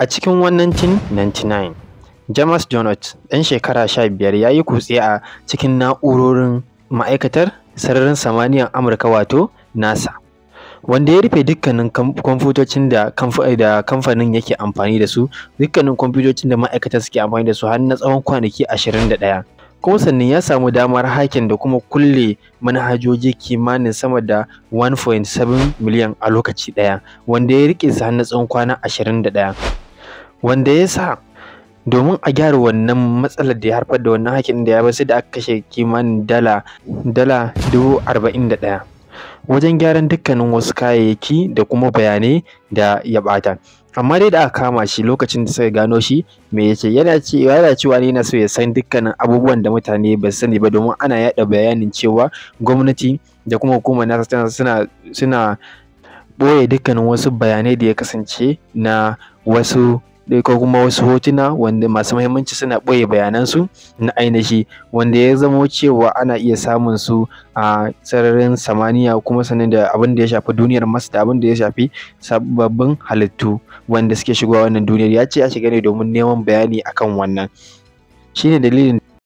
A cikin wannan 1999, James Jones, ɗan shekara 15, ya yi kutse a cikin na'urorin ma'aikatar sararin samaniyar Amurka wato NASA, wanda ya rufe dukkanin kwamfutocin da kamfanin yake amfani da su, dukkanin kwamfutocin da ma'aikatar suke amfani da su har na tsawon kwanaki 21. Kuma sannan ya samu damar hakin da kuma kulle manhajoji kimanin sama da 1.7 miliyan a lokaci ɗaya, wanda ya rike su har na tsawon kwana 21. wanda ya sa domin a gyara wannan matsalar da ya harfar da wannan hakin da ya bar da aka kashe kimanin dala dala dubu arba'in da ɗaya wajen gyaran dukkanin wasu kayayyaki da kuma bayanai da ya ɓata amma dai da aka kama shi lokacin da suka gano shi me yake yana cewa yana cewa ne yana so ya san dukkanin abubuwan da mutane ba sani ba domin ana yada bayanin cewa gwamnati da kuma hukumar nasa suna suna ɓoye dukkanin wasu bayanai da ya kasance na wasu Eh, ko kuma wasu hotuna wanda masu mahimmanci suna ɓoye bayanansu na ainihi wanda ya zamo cewa ana iya samun su a sararin samaniya kuma sanin da abin da ya shafi duniyar masu da abin da ya shafi sababbin halittu wanda suke shigowa wannan duniyar ya ce ya shiga ne domin neman bayani akan wannan shine dalilin